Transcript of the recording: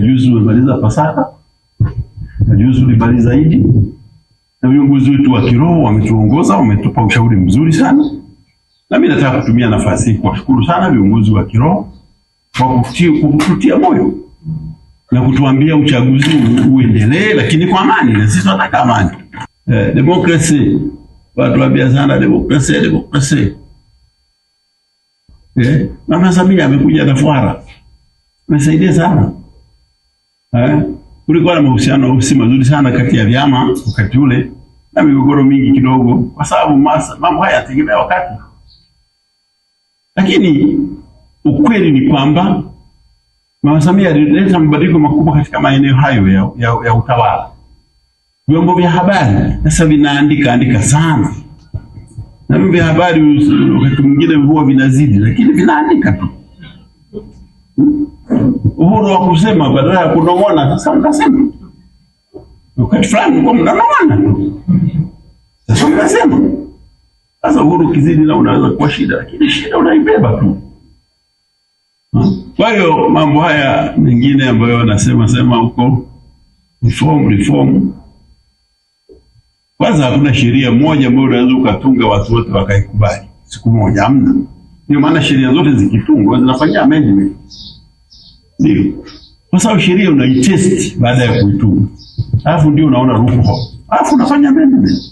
Juzi umemaliza Pasaka na ulimaliza Idi, na viongozi wetu wa kiroho wametuongoza, wametupa ushauri mzuri sana, na mimi nataka kutumia nafasi hii kuwashukuru sana viongozi wa kiroho kwa kututia moyo na kutuambia uchaguzi uendelee, lakini kwa amani, na sisi tunataka amani. Eh, demokrasi, watu wabia sana demokrasi, demokrasi. Eh, Mama Samia amekuja na fuara, amesaidia sana eh, kulikuwa na mahusiano si mazuri sana kati ya vyama wakati ule na migogoro mingi kidogo, kwa sababu mambo haya yategemea wakati. Lakini ukweli ni kwamba Mama Samia alileta mabadiliko makubwa katika maeneo hayo ya, ya, ya utawala. Vyombo vya habari sasa vinaandika andika sana, na vyombo vya habari wakati mwingine huwa vinazidi, lakini vinaandika tu uhuru wa kusema badala ya kunong'ona. Sasa mtasema wakati fulani kwa mnanong'ona, sasa mtasema. sasa. Uhuru kizidi na unaweza kuwa shida, lakini shida unaibeba tu. Hmm? Kwa hiyo mambo haya mengine ambayo wanasema sema huko reform reform, kwanza hakuna sheria moja ambayo unaweza ukatunga watu wote wakaikubali siku moja, hamna. Ndio maana sheria zote zikitungwa zinafanyia amendment ndio. Kwa sababu sheria unaitest baada ya kuituma. Alafu ndio unaona room hapo, Alafu unafanya amendment.